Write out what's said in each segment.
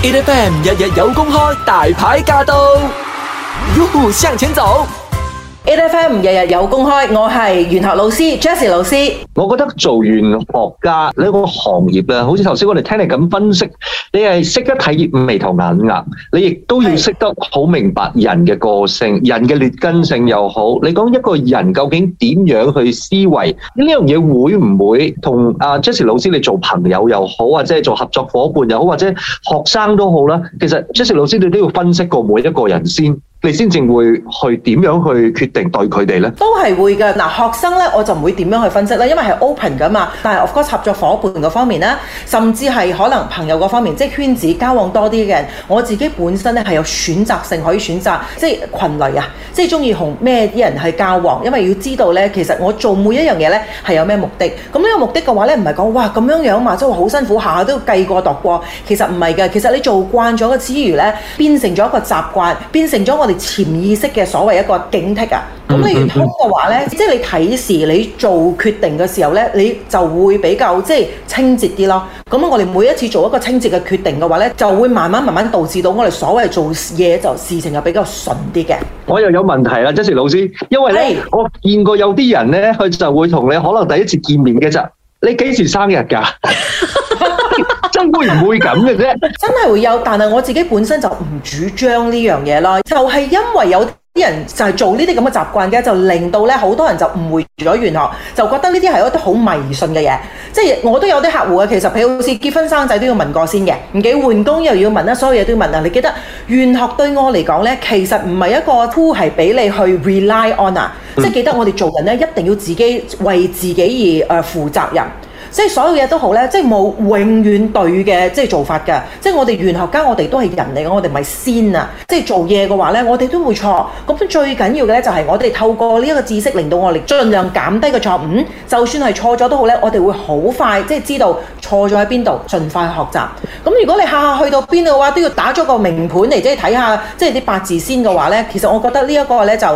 E.T.M. 日日有工開，大牌駕到，呦呼向前走。A F M 日日有工開，我係玄學老師 Jessie 老師。我覺得做玄學家呢個行業咧，好似頭先我哋聽你咁分析，你係識得睇眉頭眼額，你亦都要識得好明白人嘅個性，人嘅劣根性又好。你講一個人究竟點樣去思維呢樣嘢，會唔會同阿 Jessie 老師你做朋友又好啊，或者做合作伙伴又好，或者學生都好啦。其實 Jessie 老師你都要分析過每一個人先。你先正會去點樣去決定對佢哋呢？都係會嘅嗱，啊，學生呢，我就唔會點樣去分析咧，因為係 open 噶嘛。但係我覺得合作伙伴嗰方面咧，甚至係可能朋友嗰方面，即圈子交往多啲嘅人，我自己本身呢係有選擇性可以選擇，即群羣體啊，即係中意同咩啲人去交往，因為要知道呢，其實我做每一樣嘢呢係有咩目的。咁呢個目的嘅話呢，唔係講哇咁樣樣嘛，即係好辛苦下下都要計過度過，其實唔係嘅。其實你做慣咗嘅之餘呢，變成咗一個習慣，變成咗我。我哋潛意識嘅所謂一個警惕啊，咁你完通嘅話咧，即係你睇時你做決定嘅時候咧，你就會比較即係清晰啲咯。咁我哋每一次做一個清晰嘅決定嘅話咧，就會慢慢慢慢導致到我哋所謂做嘢就事情就比較順啲嘅。我又有問題啦，Jessie 老師，因為咧我見過有啲人咧，佢就會同你可能第一次見面嘅咋。你幾時生日噶？會唔會咁嘅啫？真係會有，但係我自己本身就唔主張呢樣嘢啦。就係、是、因為有啲人就係做呢啲咁嘅習慣嘅，就令到咧好多人就誤會咗玄學，就覺得呢啲係一啲好迷信嘅嘢。即係我都有啲客戶嘅，其實譬如好似結婚生仔都要問過先嘅，唔幾換工又要問啦，所有嘢都要問啊。你記得玄學對我嚟講咧，其實唔係一個 tool 係俾你去 rely on 啊、嗯，即係記得我哋做人咧一定要自己為自己而誒負責任。即係所有嘢都好咧，即係冇永遠對嘅即係做法㗎。即係我哋玄學家，我哋都係人嚟嘅，我哋唔係仙啊。即係做嘢嘅話咧，我哋都會錯。咁最緊要嘅咧，就係我哋透過呢一個知識，令到我哋盡量減低個錯誤。就算係錯咗都好咧，我哋會好快即係知道錯咗喺邊度，盡快學習。咁如果你下下去到邊度嘅話，都要打咗個命盤嚟，即係睇下即係啲八字先嘅話咧。其實我覺得呢一個咧就，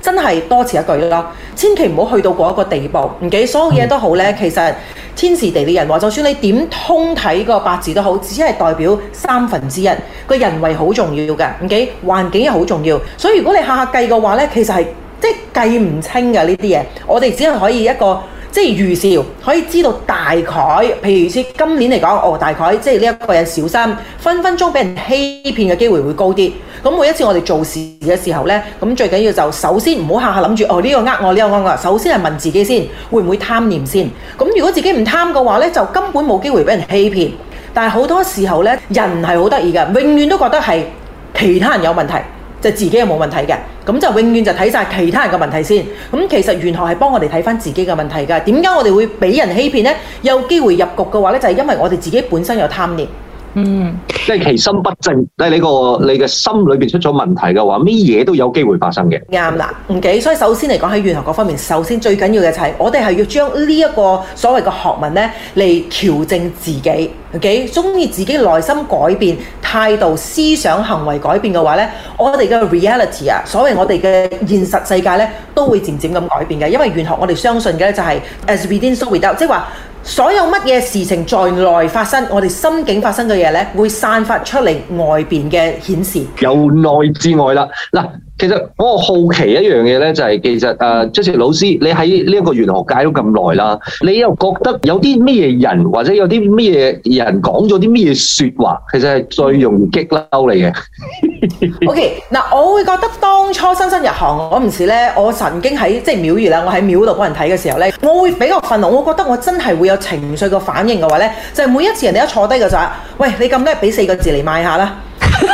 真係多此一舉咯，千祈唔好去到嗰一個地步。唔記，所有嘢都好咧，其實天時地利人和，就算你點通體個八字都好，只係代表三分之一。個人為好重要嘅，唔記環境又好重要。所以如果你下下計嘅話呢，其實係即係計唔清嘅呢啲嘢。我哋只係可以一個。即係預兆可以知道大概，譬如似今年嚟講，哦，大概即係呢一個人小心，分分鐘俾人欺騙嘅機會會高啲。咁每一次我哋做事嘅時候咧，咁最緊要就首先唔好下下諗住哦呢個呃我呢個呃我。首先係問自己先，會唔會貪念先？咁如果自己唔貪嘅話咧，就根本冇機會俾人欺騙。但係好多時候咧，人係好得意嘅，永遠都覺得係其他人有問題。就自己又冇問題嘅，咁就永遠就睇晒其他人嘅問題先。咁其實玄學係幫我哋睇返自己嘅問題㗎。點解我哋會畀人欺騙呢？有機會入局嘅話咧，就係、是、因為我哋自己本身有貪念。嗯，即係其心不正，你個你個心裏面出咗問題嘅話，咩嘢都有機會發生嘅。啱啦，OK。所以首先嚟講喺玄學嗰方面，首先最緊要嘅就係我哋係要將呢一個所謂嘅學問呢，嚟調整自己。o 中意自己內心改變態度、思想、行為改變嘅話呢，我哋嘅 reality 啊，所謂我哋嘅現實世界呢，都會漸漸咁改變嘅。因為玄學我哋相信嘅就係 as we think so we do，即係話。所有乜嘢事情在內發生，我哋心境發生嘅嘢咧，會散發出嚟外邊嘅顯示。由內至外啦。嗱，其實我好奇一樣嘢咧，就係其實誒 Jessie 老師，你喺呢一個玄學界都咁耐啦，你又覺得有啲咩嘢人，或者有啲咩嘢人講咗啲咩嘢說話，其實係最容易激嬲你嘅？ O K，嗱，我會覺得當初新新入行嗰陣時咧，我曾經喺即係廟宇啦，我喺廟度幫人睇嘅時候咧，我會比較憤怒，我覺得我真係會有情緒個反應嘅話咧，就係、是、每一次人哋一坐低嘅時候，喂，你咁叻？俾四個字嚟賣下啦，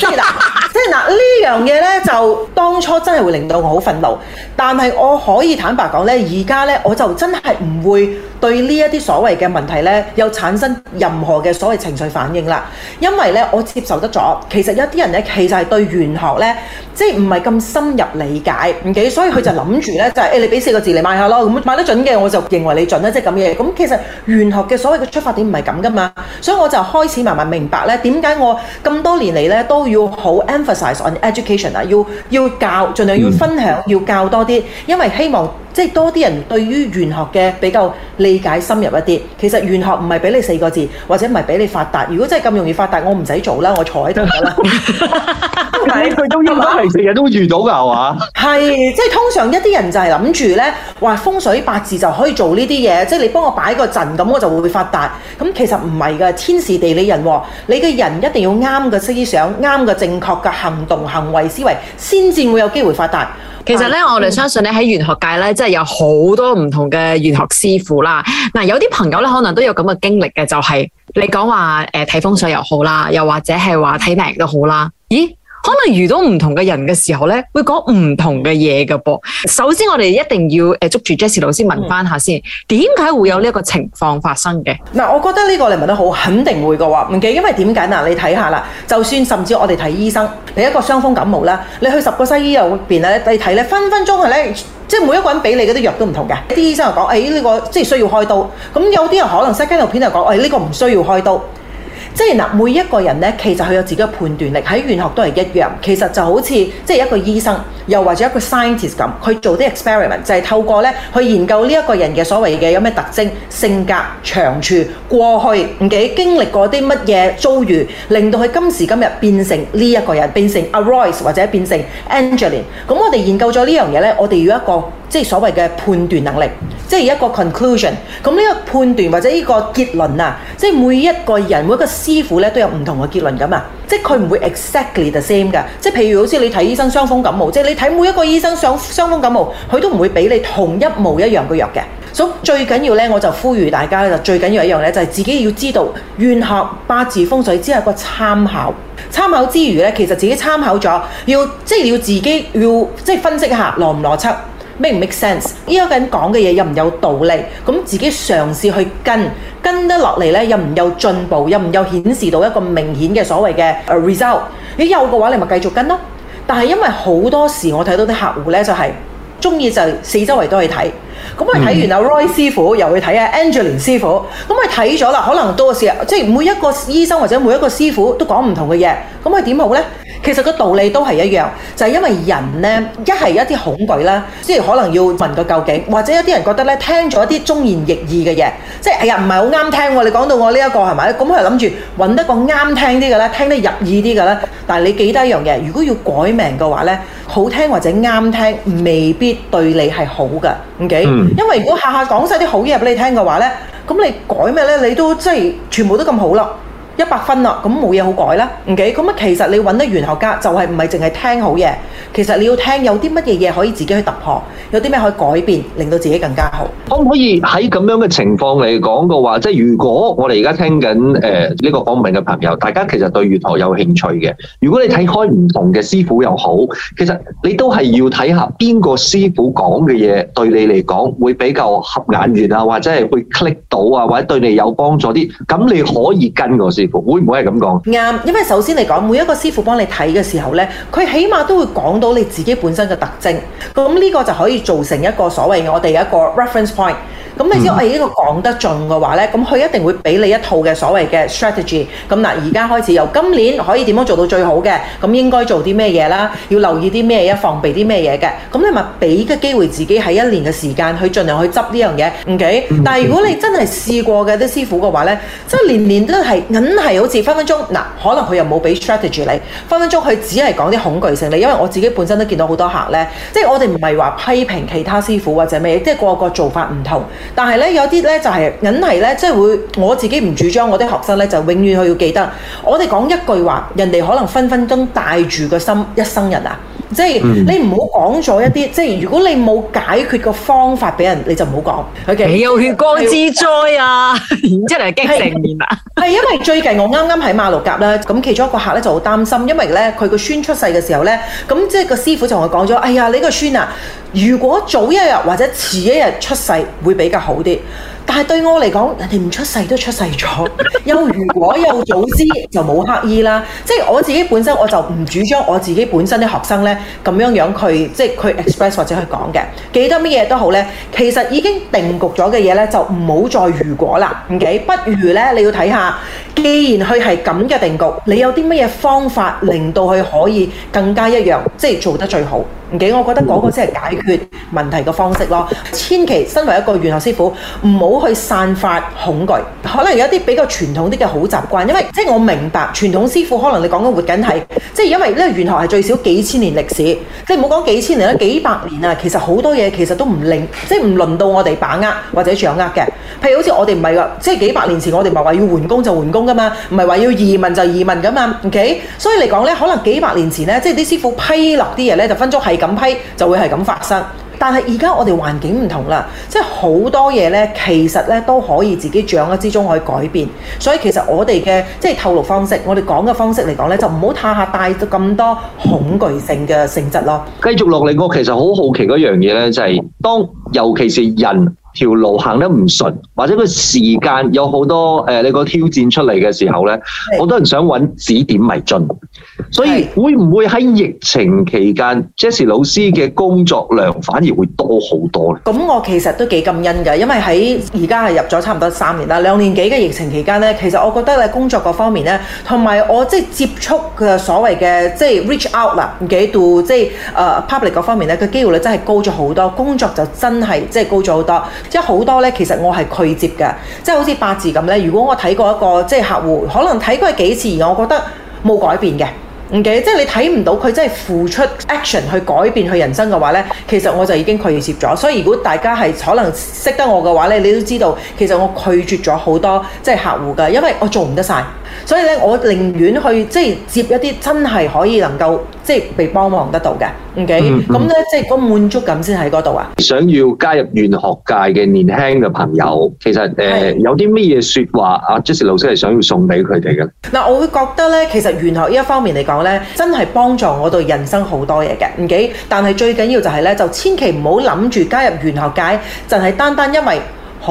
即係嗱，即係嗱，呢樣嘢咧就當初真係會令到我好憤怒，但係我可以坦白講咧，而家咧我就真係唔會。對呢一啲所謂嘅問題呢，又產生任何嘅所謂情緒反應啦。因為呢，我接受得咗，其實一啲人呢，其實係對玄學呢，即係唔係咁深入理解，唔記得，所以佢就諗住呢，就係、是哎、你俾四個字嚟買下咯，咁買得準嘅，我就認為你準啦，即係咁嘅。咁其實玄學嘅所謂嘅出發點唔係咁㗎嘛，所以我就開始慢慢明白呢，點解我咁多年嚟呢，都要好 emphasize on education 啊，要要教，儘量要分享，嗯、要教多啲，因為希望。即係多啲人對於玄學嘅比較理解深入一啲。其實玄學唔係俾你四個字，或者唔係俾你發達。如果真係咁容易發達，我唔使做啦，我坐喺度好啦。 係日都遇到噶，係嘛？係， 即係通常一啲人就係諗住咧，話風水八字就可以做呢啲嘢，即係你幫我擺個陣，咁我就會發達。咁其實唔係噶，天時地利人和，你嘅人一定要啱嘅思想、啱嘅正確嘅行動、行為思維，先至會有機會發達。其實咧，嗯、我哋相信咧喺玄學界咧，即係有好多唔同嘅玄學師傅啦。嗱，有啲朋友咧，可能都有咁嘅經歷嘅，就係、是、你講話誒睇風水又好啦，又或者係話睇命都好啦，咦？可能遇到唔同嘅人嘅時候呢，會講唔同嘅嘢嘅噃。首先我哋一定要誒捉住 Jessie 老師問翻下先，點解、嗯、會有呢個情況發生嘅？我覺得呢個你問得好，肯定會嘅話。唔記，因為點解嗱？你睇下啦，就算甚至我哋睇醫生，你一個傷風感冒啦，你去十個西醫入面，你睇咧分分鐘係咧，即每一個人俾你嗰啲藥都唔同嘅。啲醫生就講誒呢個即係需要開刀，咁有啲人可能西醫嗰片就講誒呢個唔需要開刀。即係嗱，每一個人呢，其實佢有自己嘅判斷力，喺玄學都係一樣。其實就好似即係一個醫生。又或者一個 scientist 咁，去做啲 experiment 就係透過咧去研究呢一個人嘅所謂嘅有咩特徵、性格、長處、過去嘅經歷過啲乜嘢遭遇，令到佢今時今日變成呢一個人，變成 arise 或者變成 Angeline。咁我哋研究咗呢樣嘢咧，我哋要一個即係所謂嘅判斷能力，即係一個 conclusion。咁呢個判斷或者呢個結論啊，即係每一個人每一個師傅咧都有唔同嘅結論咁啊。即係佢唔會 exactly the same 嘅，即係譬如好似你睇醫生傷風感冒，即係你睇每一個醫生傷傷風感冒，佢都唔會俾你同一模一樣嘅藥嘅。所以最緊要咧，我就呼籲大家咧，就最緊要一樣咧，就係自己要知道，玄學八字風水只係一個參考，參考之餘咧，其實自己參考咗，要即係要自己要即係分析下邏唔邏輯。Make 唔 make sense？呢個人講嘅嘢又唔有道理，咁自己嘗試去跟，跟得落嚟咧又唔有進步，又唔有顯示到一個明顯嘅所謂嘅 result。你有嘅話，你咪繼續跟咯。但係因為好多時我睇到啲客戶咧、就是，就係鍾意就四周圍都去睇。咁佢睇完阿 Roy 師傅，又去睇阿 Angelina 師傅，咁佢睇咗啦，可能到個時候，即係每一個醫生或者每一個師傅都講唔同嘅嘢，咁佢點好咧？其實個道理都係一樣，就係、是、因為人咧，一係一啲恐懼啦，即係可能要問個究竟，或者有啲人覺得咧聽咗一啲忠言逆耳嘅嘢，即係哎呀唔係好啱聽喎，你講到我呢、這個、一個係咪？咁佢諗住揾得個啱聽啲嘅咧，聽得入耳啲嘅咧。但係你記得一樣嘢，如果要改名嘅話咧，好聽或者啱聽未必對你係好嘅，唔記。因為如果下下講曬啲好嘢俾你聽嘅話呢，咁你改咩呢？你都即係全部都咁好咯。一百分啦，咁冇嘢好改啦唔 k 咁啊，其實你要揾啲玄學家，就係唔係淨係聽好嘢，其實你要聽有啲乜嘢嘢可以自己去突破，有啲咩可以改變，令到自己更加好。可唔可以喺咁樣嘅情況嚟講嘅話，即係如果我哋而家聽緊誒呢個訪問嘅朋友，大家其實對玄學有興趣嘅，如果你睇開唔同嘅師傅又好，其實你都係要睇下邊個師傅講嘅嘢對你嚟講會比較合眼緣啊，或者係會 click 到啊，或者對你有幫助啲，咁你可以跟我先。會唔會係咁講？啱，因為首先嚟講，每一個師傅幫你睇嘅時候咧，佢起碼都會講到你自己本身嘅特徵，咁呢個就可以造成一個所謂嘅我哋一個 reference point。咁你知我依個講得盡嘅話咧，咁佢一定會俾你一套嘅所謂嘅 strategy。咁嗱，而家開始由今年可以點樣做到最好嘅？咁應該做啲咩嘢啦？要留意啲咩嘢？防備啲咩嘢嘅？咁你咪俾個機會自己喺一年嘅時間去盡量去執呢樣嘢。OK，嗯，但係如果你真係試過嘅啲師傅嘅話咧，即係年年都係梗係好似分分鐘嗱，可能佢又冇俾 strategy 你，分分鐘佢只係講啲恐懼性你。因為我自己本身都見到好多客咧，即係我哋唔係話批評其他師傅或者咩，即係個個做法唔同。但係咧，有啲咧就係緊係咧，即係會我自己唔主張，我啲學生咧就永遠佢要記得，我哋講一句話，人哋可能分分鐘帶住個心一生人啊。即係你唔好講咗一啲，嗯、即係如果你冇解決個方法俾人，你就唔好講。Okay? 有血光之災啊！然之後嚟啊！係 因為最近我啱啱喺馬六甲啦，咁其中一個客咧就好擔心，因為咧佢個孫出世嘅時候咧，咁即係個師傅就同佢講咗，哎呀，你個孫啊，如果早一日或者遲一日出世，會比較好啲。但係對我嚟講，人哋唔出世都出世咗。又如果有早知就冇刻意啦。即係我自己本身我就唔主張我自己本身啲學生咧咁樣樣佢即係佢 express 或者佢講嘅，記得乜嘢都好咧。其實已經定局咗嘅嘢咧，就唔好再如果啦。唔記，不如咧你要睇下。既然佢係咁嘅定局，你有啲乜嘢方法令到佢可以更加一樣，即係做得最好？唔記，我覺得嗰個先係解決問題嘅方式咯。千祈身為一個玄學師傅，唔好去散發恐懼，可能有一啲比較傳統啲嘅好習慣，因為即係我明白傳統師傅可能你講緊活緊係，即係因為呢個玄學係最少幾千年歷史。即係唔好講幾千年啦，幾百年啊,其實好多嘢其實都唔令，即係唔輪到我哋把握或者掌握嘅。譬如好似我哋唔係㗎，即係幾百年前我哋咪話要換工就換工。噶嘛，唔係話要移民就移民噶嘛，OK？所以嚟講咧，可能幾百年前咧，即係啲師傅批落啲嘢咧，就分鐘係咁批，就會係咁發生。但係而家我哋環境唔同啦，即係好多嘢咧，其實咧都可以自己掌握之中可以改變。所以其實我哋嘅即係透露方式，我哋講嘅方式嚟講咧，就唔好下下帶咁多恐懼性嘅性質咯。繼續落嚟，我其實好好奇嗰樣嘢咧，就係當。尤其是人條路行得唔順或者個時間有好多誒、呃、你個挑戰出嚟嘅時候咧，好多人想揾指點迷津。所以會唔會喺疫情期間 Jessie 是老師嘅工作量反而會多好多咧？咁我其實都幾感恩㗎，因為喺而家係入咗差唔多三年啦，兩年幾嘅疫情期間咧，其實我覺得咧工作方面咧，同埋我即係接觸嘅所謂嘅即係 reach out 啦幾度，即係誒 public 嗰方面咧，佢機會率真係高咗好多，工作就真。真係即係高咗好多，即係好多咧。其實我係拒接嘅，即係好似八字咁咧。如果我睇過一個即係客戶，可能睇過幾次，而我覺得冇改變嘅，唔記得，即係你睇唔到佢真係付出 action 去改變佢人生嘅話咧，其實我就已經拒接咗。所以如果大家係可能識得我嘅話咧，你都知道，其實我拒絕咗好多即係客戶㗎，因為我做唔得晒。所以咧，我寧願去、就是、接一啲真係可以能夠即係、就是、被幫忙得到嘅，OK？咁咧即係個滿足感先喺嗰度啊！想要加入玄學界嘅年輕嘅朋友，其實、呃、的有啲乜嘢説話啊？Jessie 老師係想要送俾佢哋嘅。嗱，我會覺得呢，其實玄學呢一方面嚟講呢，真係幫助我對人生好多嘢嘅，OK？但係最緊要就係呢，就千祈唔好諗住加入玄學界，就係、是、單，單單因為。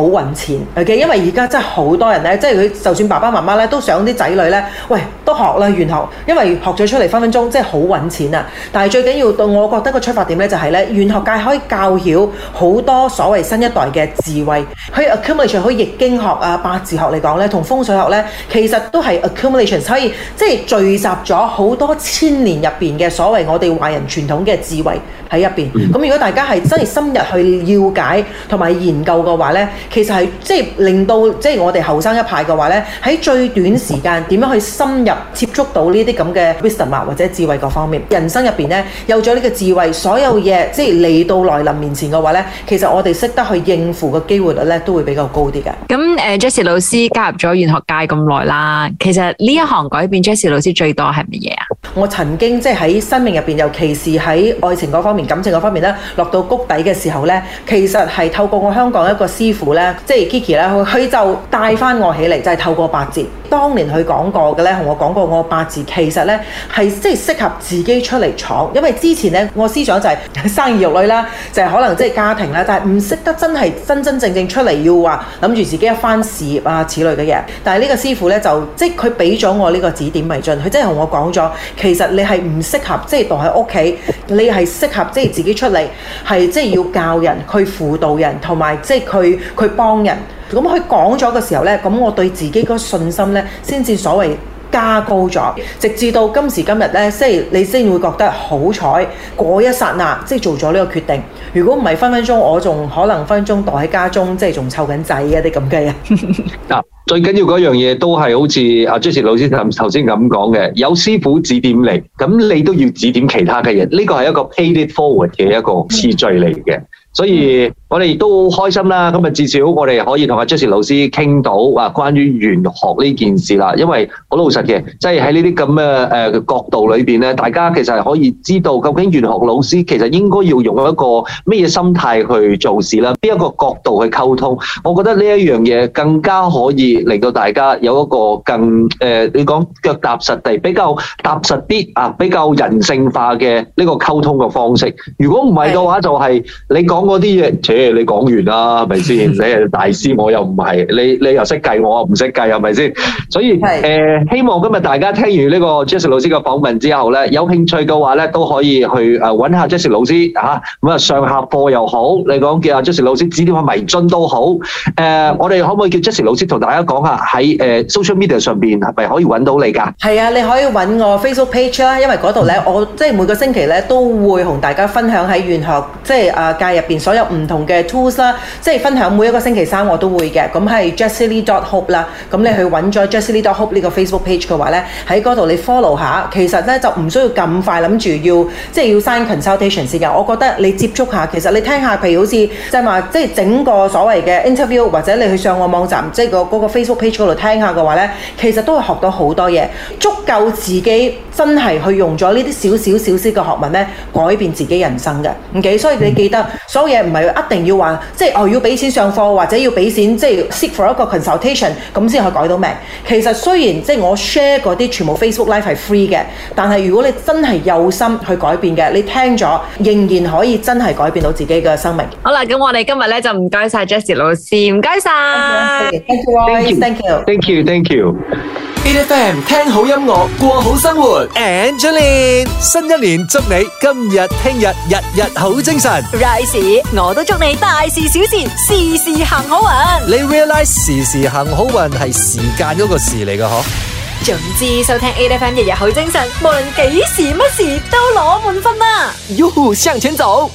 好揾錢嘅，okay? 因為而家真係好多人呢，即係佢就算爸爸媽媽呢，都想啲仔女呢。喂都學啦，玄學，因為學咗出嚟分分鐘即係好揾錢啊！但係最緊要，我覺得個出發點呢、就是，就係呢玄學界可以教曉好多所謂新一代嘅智慧，去 accumulation 去易經學啊、八字學嚟講呢，同風水學呢，其實都係 accumulation，所以即係、就是、聚集咗好多千年入邊嘅所謂我哋華人傳統嘅智慧喺入邊。咁、嗯、如果大家係真係深入去了解同埋研究嘅話呢。其實係即係令到即係我哋後生一派嘅話呢，喺最短時間點樣去深入接觸到呢啲咁嘅 wisdom 啊，或者智慧各方面，人生入面咧有咗呢個智慧，所有嘢即係嚟到來臨面前嘅話呢，其實我哋識得去應付嘅機會率咧都會比較高啲嘅。咁誒、呃，Jessie 老師加入咗玄學界咁耐啦，其實呢一行改變 Jessie 老師最多係乜嘢啊？我曾經即係喺生命入面，尤其是喺愛情嗰方面、感情嗰方面呢，落到谷底嘅時候呢，其實係透過我香港一個師傅。即係 Kiki 咧，佢就帶翻我起嚟，就係、是、透過八字。當年佢講過嘅咧，同我講過我八字，其實咧係即係適合自己出嚟闖，因為之前咧我思想就係生意玉女啦，就係、是、可能即係家庭啦，但係唔識得真係真真正正出嚟要話諗住自己一番事業啊此類嘅嘢。但係呢個師傅咧就即係佢俾咗我呢個指點迷津，佢即係同我講咗，其實你係唔適合即係待喺屋企，你係適合即係自己出嚟，係即係要教人去輔導人，同埋即係佢幫人。咁佢講咗嘅時候呢，咁我對自己嗰信心呢，先至所謂加高咗，直至到今時今日呢，即係你先會覺得好彩嗰一剎那，即係做咗呢個決定。如果唔係分分鐘，我仲可能分分鐘待喺家中，即係仲湊緊仔啊啲咁嘅嘢。嗱，最緊要嗰樣嘢都係好似阿 Jessie 老師頭頭先咁講嘅，有師傅指點你，咁你都要指點其他嘅人。呢個係一個 paid forward 嘅一個次序嚟嘅，嗯、所以。嗯我哋都開心啦！咁日至少我哋可以同阿 Jessie 老師傾到話關於玄學呢件事啦。因為好老實嘅，即係喺呢啲咁嘅誒角度裏邊咧，大家其實係可以知道究竟玄學老師其實應該要用一個咩嘢心態去做事啦，邊一個角度去溝通。我覺得呢一樣嘢更加可以令到大家有一個更誒、呃，你講腳踏實地比較踏實啲啊，比較人性化嘅呢個溝通嘅方式。如果唔係嘅話就，就係你講嗰啲嘢。誒你講完啦，係咪先？你係大師，我又唔係。你你又識計，我唔識計，係咪先？所以誒是、呃，希望今日大家聽完呢個 Jessie 老師嘅訪問之後咧，有興趣嘅話咧，都可以去誒揾下 Jessie 老師嚇。咁啊，上下課又好，你講叫阿 Jessie 老師指點下迷津都好。誒、呃，我哋可唔可以叫 Jessie 老師同大家講下喺誒 social media 上邊係咪可以揾到你㗎？係啊，你可以揾我 Facebook page 啦，因為嗰度咧，我即係每個星期咧都會同大家分享喺玄學即係啊界入邊所有唔同。嘅 tools 啦，即係分享每一個星期三我都會嘅，咁係 Jessie Lee Hope 啦，咁你去揾咗 Jessie Lee Hope 呢個 Facebook page 嘅話咧，喺度你 follow 下，其實咧就唔需要咁快諗住要即係要 sign consultation 先嘅，我覺得你接觸下，其實你聽下，譬如好似即係話即係整個所謂嘅 interview 或者你去上個網，網站，即係個嗰個 Facebook page 度聽下嘅話咧，其實都會學到好多嘢，足夠自己真係去用咗呢啲少少少少嘅學問咧改變自己人生嘅唔記，所以你記得，嗯、所有嘢唔係一定。要話即係哦，要俾錢上課或者要俾錢即係 seek for 一個 consultation 咁先可以改到命。其實雖然即係我 share 嗰啲全部 Facebook Live 係 free 嘅，但係如果你真係有心去改變嘅，你聽咗仍然可以真係改變到自己嘅生命。好啦，咁我哋今日咧就唔該曬 Jessie 老師，唔該曬。Thank you, thank you, thank you, thank you. A F M 聽好音樂過好生活，Angeline 新一年祝你今日聽日日日好精神，Rice 我都祝你大事小事事事行好運，你 realize 時時行好運係時間嗰個事嚟噶？嗬，總之收聽 A F M 日日好精神，無論幾時乜事都攞滿分啦！喲，向前走。